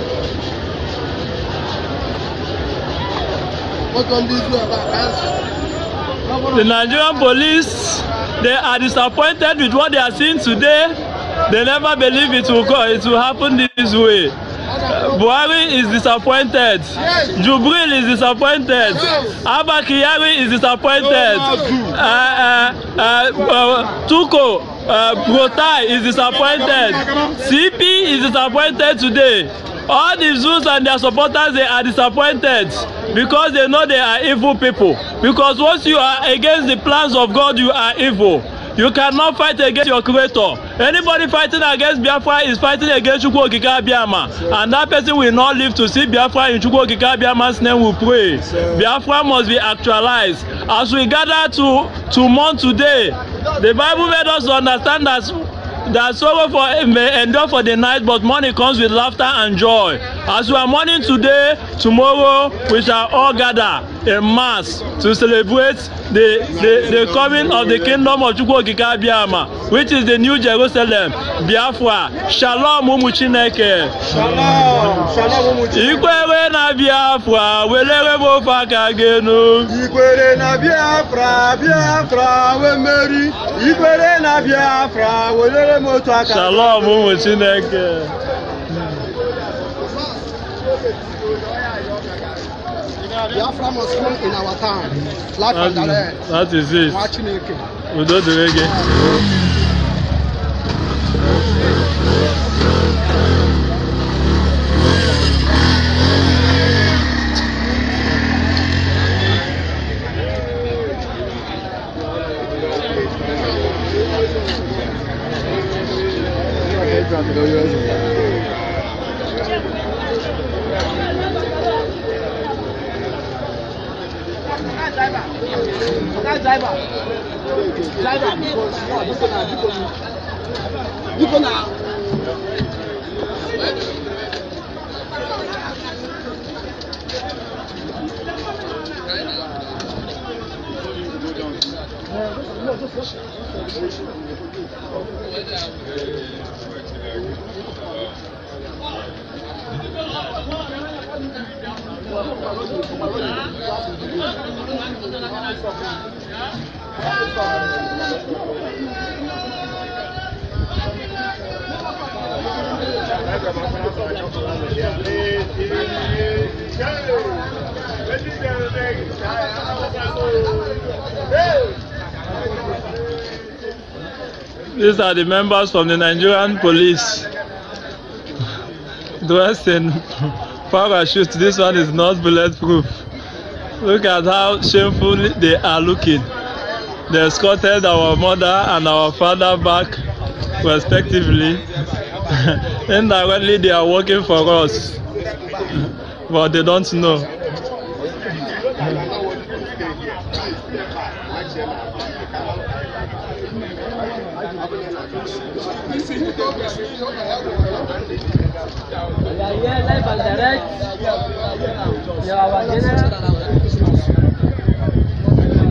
The Nigerian police, they are disappointed with what they are seeing today. They never believe it will, go, it will happen this way. Buhari is disappointed. Yes. Jubril is disappointed. Yes. Abba Kyari is disappointed. No, uh, uh, uh, uh, Tuko uh, Brotai is disappointed. CP is disappointed today. All the Zeus and their supporters, they are disappointed because they know they are evil people. Because once you are against the plans of God, you are evil. You cannot fight against your creator. Anybody fighting against Biafra is fighting against Chukwokika Biama. And that person will not live to see Biafra in Chukwokika Biama's name we pray. Sure. Biafra must be actualized. As we gather to, to mourn today, the Bible made us understand that that sorrow for may endure for the night, but morning comes with laughter and joy. As we are mourning today, tomorrow we shall all gather in mass to celebrate the the, the coming of the kingdom of Chukwokika Abiyama, which is the New Jerusalem, Biafra. Shalom, Umu Shalom, Shalom, Umu Chineke. Ikwere na Biafra, welere bofe aka gị Ikwere na Biafra, Biafra, we meri. Ikwere na Biafra, welere shalom ụmụ chineke Biafra must in our town. Black that, and red. Watching it. don't do it again. 不拿。These are the members from the Nigerian police dressed in parachutes. This one is not bulletproof. Look at how shameful they are looking. They escorted our mother and our father back respectively indirectly <laughs> they are working for us but they don't know.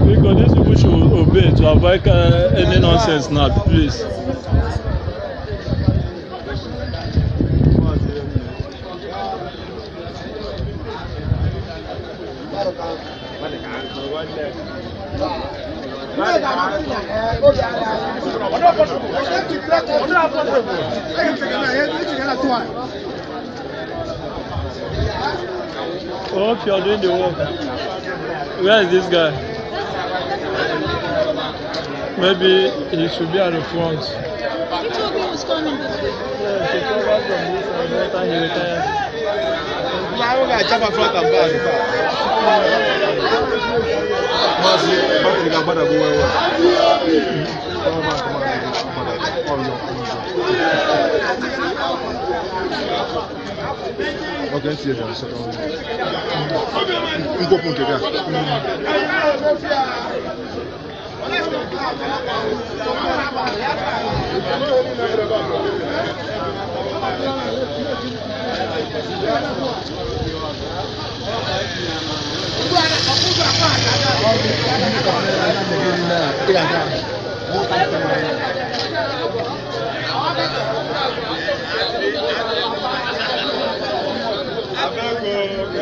We Because these people should obey to avoid uh, any nonsense now, please. Oh, hope are doing the work. Where is this guy? Maybe he should be at the front. He told me he was coming this way. Yeah, he came back from this and later he retired. Láwọn ọ̀gá ìjábá front and back. Máa ṣe bákẹ́ni ká gbọ́dọ̀ bí wọ́n wà. Kọ́mọ́ máa kọ́mọ́ àgbẹ̀ ọ̀yọ́. Okay, see you there. So, um, go put it there. Yeah, yeah.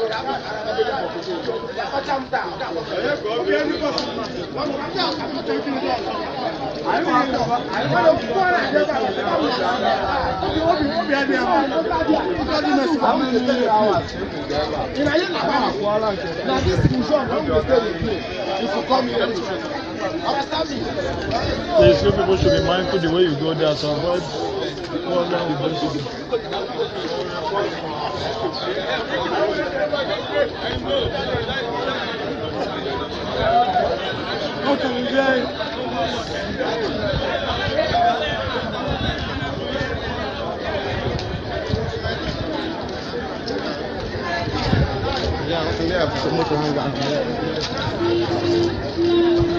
In a year and a half, now this is the show I'm going to tell you. If you come here, They say people should be mindful the way you go there to avoid problem with those people. Yeah, yeah, so much wrong.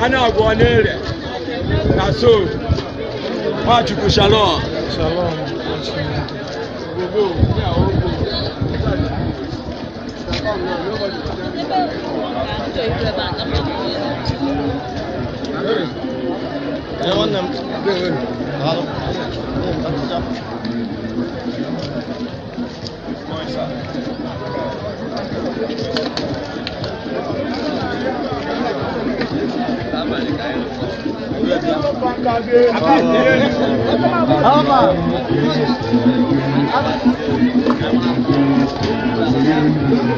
ana agwọ n'ere na so nwachukwu shalom shalom Ne wannan gövün. Alın. Atacağım. Koysa. Ama. Ama. Jama'a,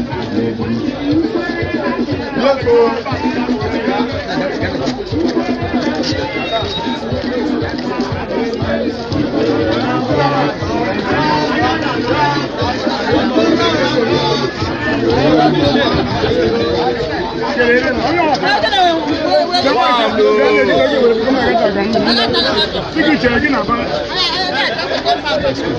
Aija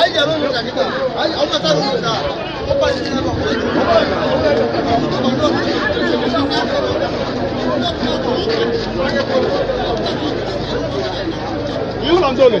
aija Yíò you.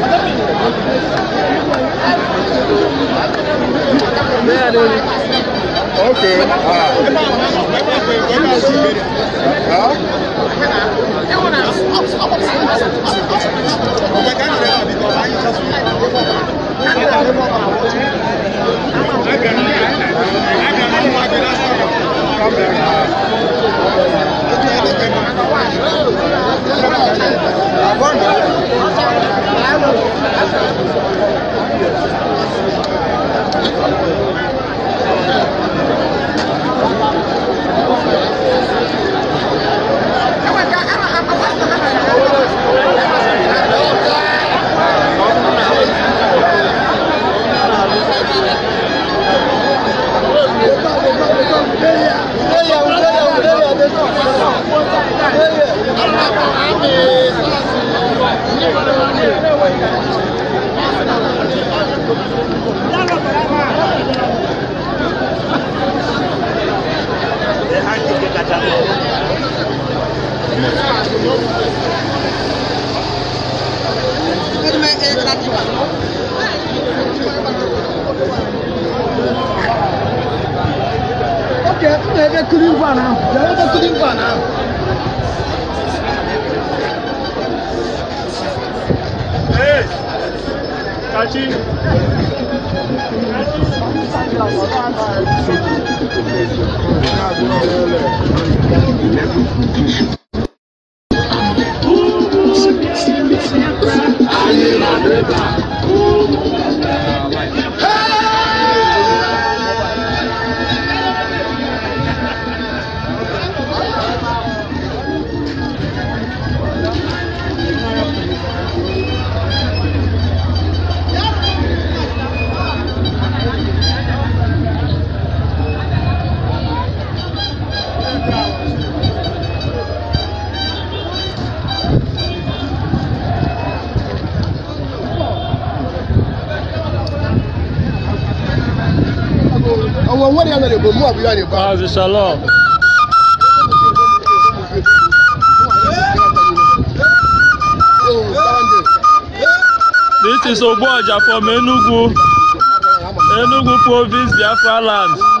bẹ́ẹ̀ ni Come on, come on. Okay, maybe I couldn't run out. Maybe I couldn't run out. Tati. Obrigado, jáde bá. Azi shalom. This is Ogboaja from Enugu, Enugu province, Biafra land.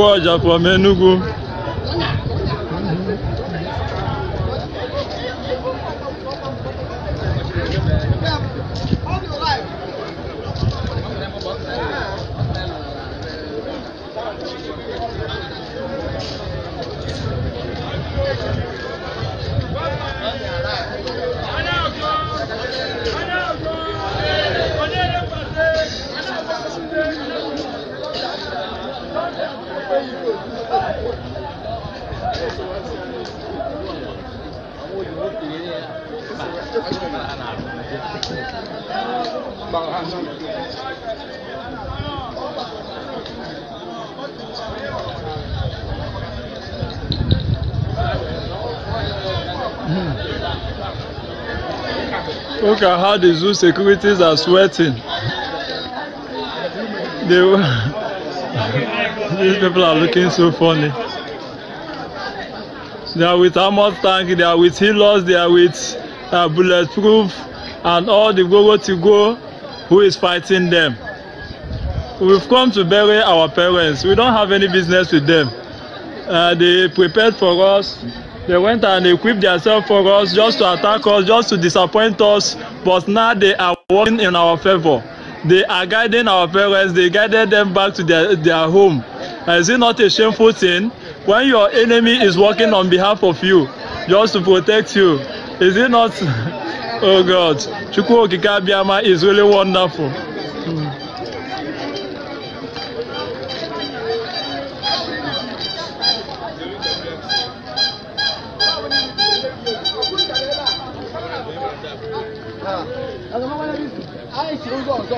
Pagode, Aflamengo. how the zoo securities are sweating. They <laughs> These people are looking so funny. They are with armored tank, they are with healers, they are with uh, bulletproof, and all the go go to go who is fighting them. We've come to bury our parents. We don't have any business with them. Uh, they prepared for us. They went and equipped themselves for us just to attack us, just to disappoint us, But now they are working in our favour. They are guiding our parents, they guided them back to their, their home. is it not a shameful thing when your enemy is working on behalf of you just to protect you? Is it not? <laughs> oh God, Chukwu Okike Abiyama is really wonderful.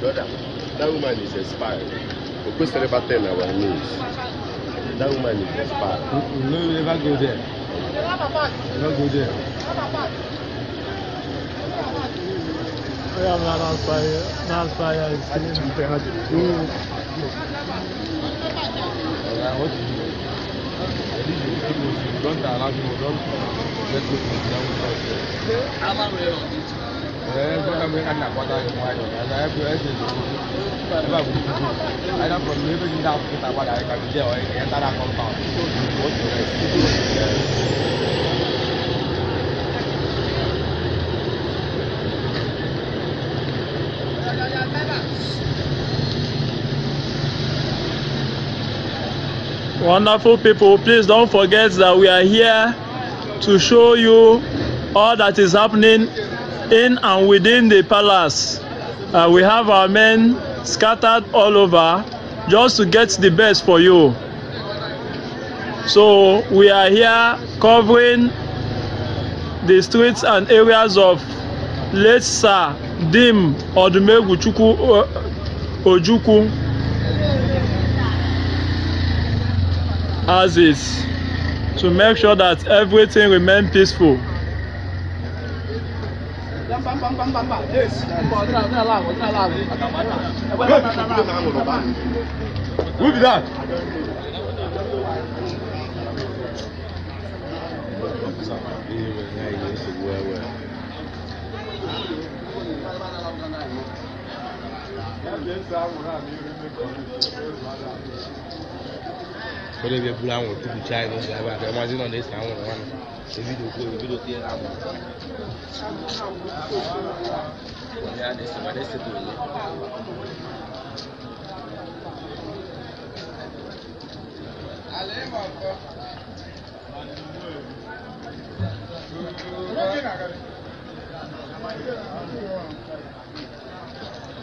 Brother, that woman is expired. We posted everything on our news. That woman is expired. No, we never go there. Never go there. I am not inspired. Not inspired. I didn't do that. What did you do? Don't allow me to go. Let's go to the house. Wonderful people, please don't forget that we are here to show you all that is happening in and within the palace. Uh, we have our men scattered all over just to get the best for you. So we are here covering the streets and areas of Letsa, Dim, Odumegu, Ojuku, as is, to make sure that everything remains peaceful. bang bang bang bang. Yes. Bang, tengah tengah kwele vye bula anwen tupu chay nou se ava Fè mwazi nan de san anwen anwen E video kwe, e video tiye anwen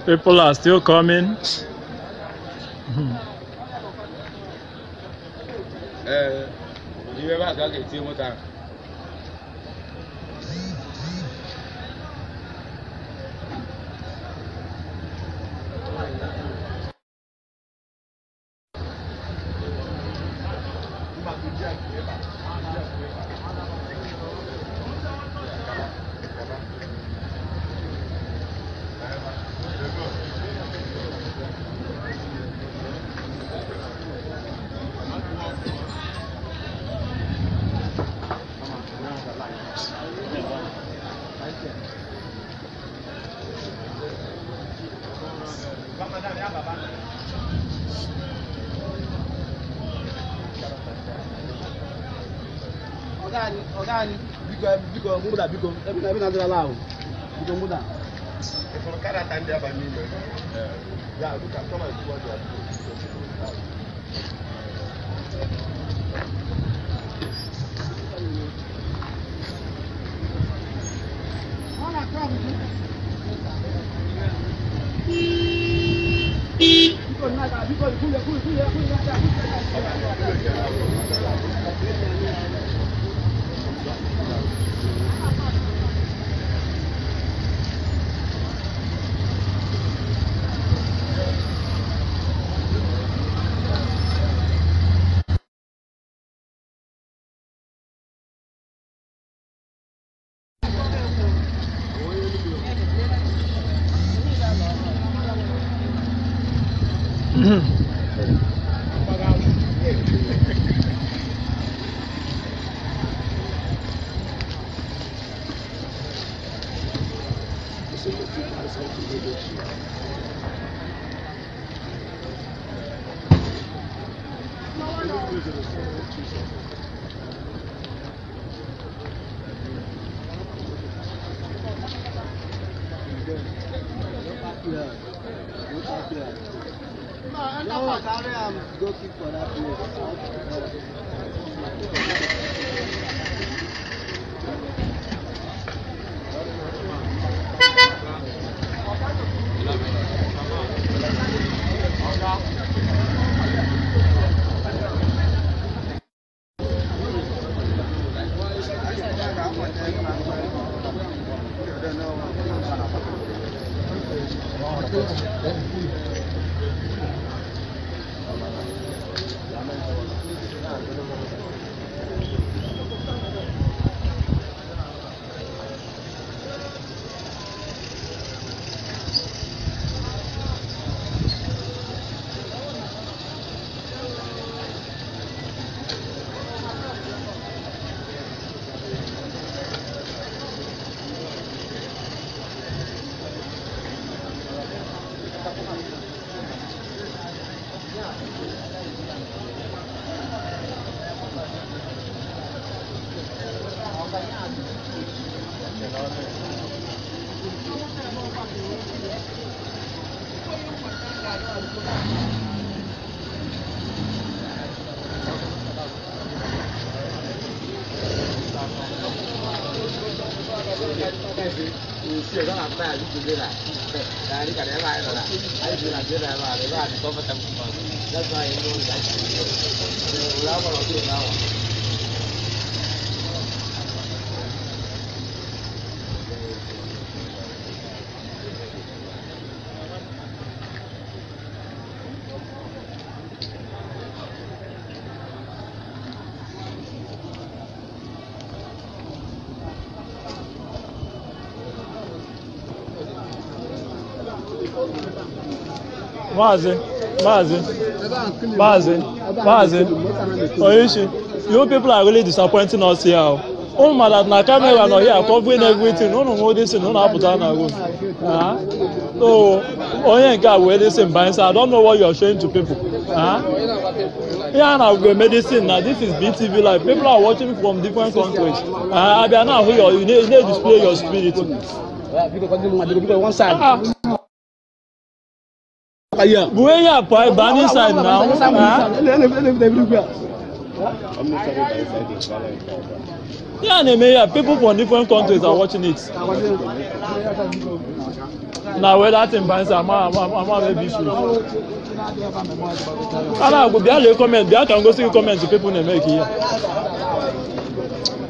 People are still coming. <laughs> eh jibe ba ga ke ti mota Thank you. Hebu nadhira lao kutombuda serikali ataende hapa mimi ya tutasoma kwa Thank you. 你干得来是吧？还是干得来吧？对吧？有本事就干，没本事就拉倒。Maazị, Maazị, Maazị, Maazị, Oyishi, you people are really disappointing us here. Unu ma that na camera nọ here covering everything, No unu nwe this thing, unu apụta na road. Ah. So, Oh, nke a wee this in by I don't know what you are showing to people. Uh -huh? here na we medicine Now this is btv live people are watching from different countries uh, ah, abia now you, you need you need display your spirit. One side. Ah. Where your boy Barney side now? Yeah, and yeah, people from different countries are watching it. Na where that thing ban say, ama ama ama make issue. Kana ah, go bia le comment, bia can go see comment the people dey make here.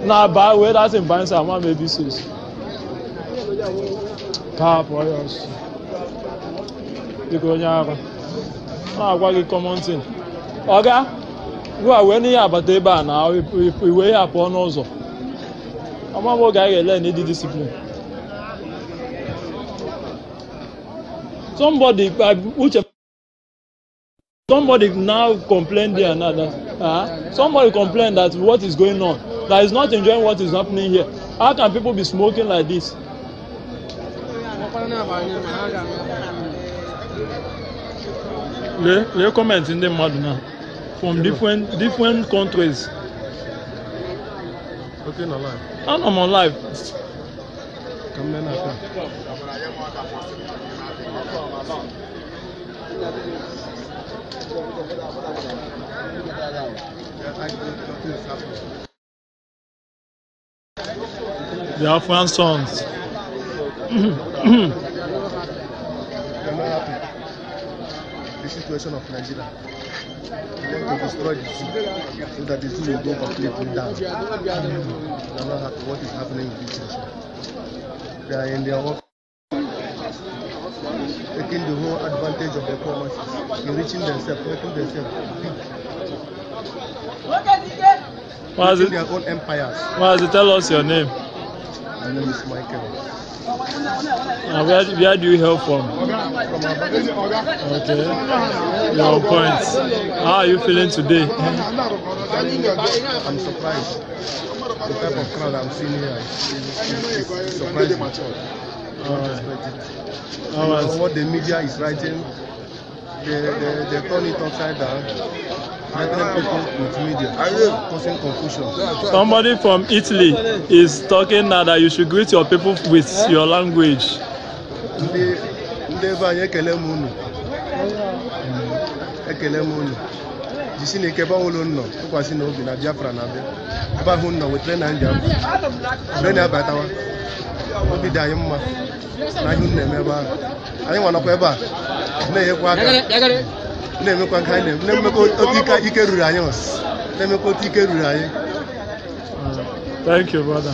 Na ba where that thing ban say, ama make issues. Cap dịka onye ara na-agwa gị kọmọntin ọga gwa wee n'ihe abata ebe a na iwe ya pụọ n'ụzọ ọmam oge anyị ga-ele na ịdị disiplin somebody uche somebody now complain there and uh, somebody complain that what is going on that is not enjoying what is happening here how can people be smoking like this lee lee kọmentị ndị mmadụ from different different countries anọ m live live. Biafran songs the situation of Nigeria. They want to destroy the zoo so that the zoo will go completely down. They are not happy what is happening in this nation. They are in their work, taking the whole advantage of the poor masses, enriching themselves, making themselves big. Making their own empires. is it? tell us your name. My name is Michael. Uh, where, where do you hail from? Okay. Your points. How are you feeling today? I'm surprised. The type of crowd I'm seeing here is surprising. All right. All right. What the media is writing, they, they, they turn it upside down hundred people with media causing confusion. somebody from italy is talking now that you should greet your people with your language. ndị ndị ebe anyị ekele m unu ekele m unu jisi na ike gbanwere nnọ tụkwasị e n'obi na biafra na-abịa ebe ahụ nnọ wetara na ndị abụọ na-abatawa obi dị anyị mma na ihe na-eme ebe ahụ anyị nwanakwa ebe a na-enyekwa aka na-emekwa nke anyị na-emekwa otu ike ruru anyị ọs na-emekwa otu ike ruru anyị Thank you, brother.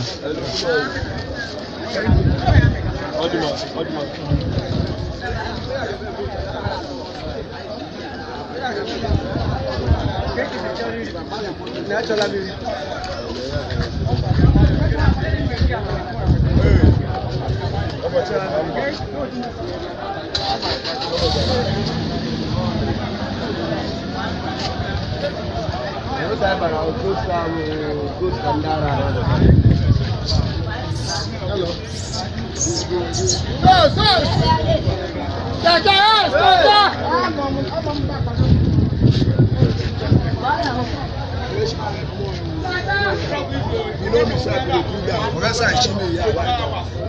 Hey. time around, go some, go Hello. you know me say i go do that ọ̀rẹ́ sáà ṣí mi ìyá wa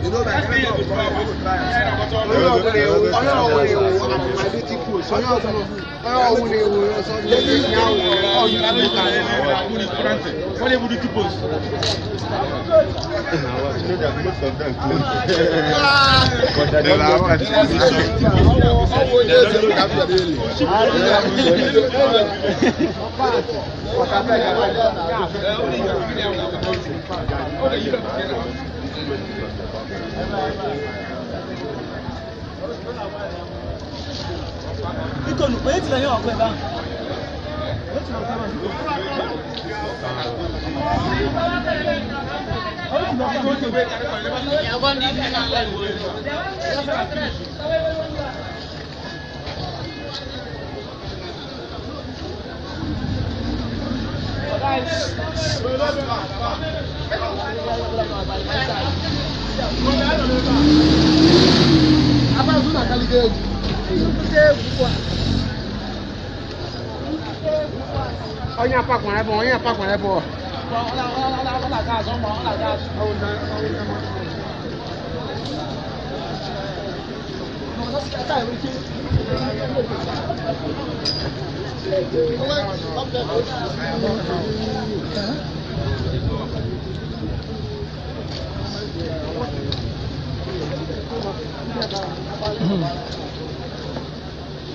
you know that kind of problem i go try am. ọlọ́run ọ̀rẹ́ o ọlọ́run ọ̀rẹ́ o àmàlẹ́ ti sọ́yọ́ tó ọ̀rọ̀ òun lè wò ó sọ lè lè ní àwòrán ọ̀yìn lálẹ́ ìtàlẹ́ ní france wọ́n lè burú kíkó. Thank you. nítorí pé ètò ẹ̀yìn ọ̀pẹ bá Apa es una calidad? nhà ở onye nhà ebe onye akpakwara ebe Mm-hmm.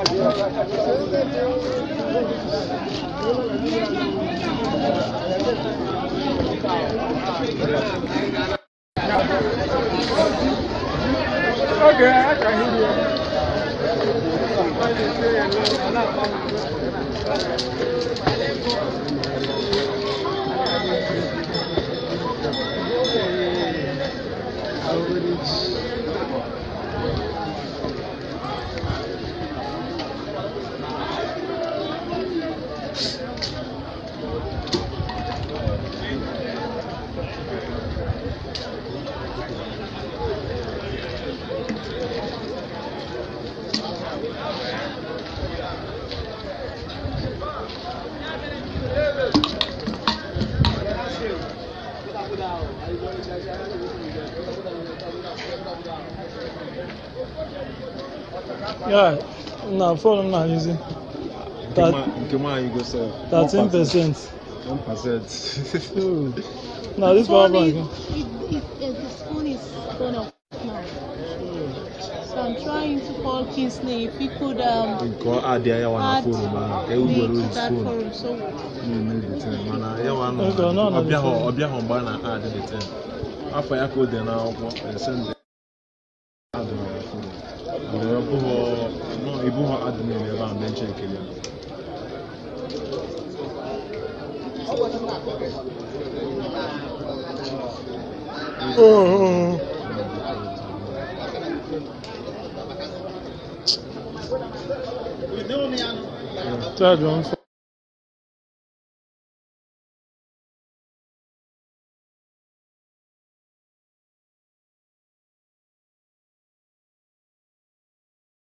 Okay, I can hear you. Thank you. na phone m na using. nke m go sell. thirteen percent. one percent. <laughs> na this power bank. the phone is gone off So I'm trying to call Kingsley if he could um, Because add the other one add phone, man. Me to that phone. forum. So ọbịa hụ ọbịa hụ mgbe a na-add the ten afọ ya ka o dị n'akwụkwọ send the ad na phone. Ọ bụ hụ يبوها قد من اليابان بين شكل اوه تاجون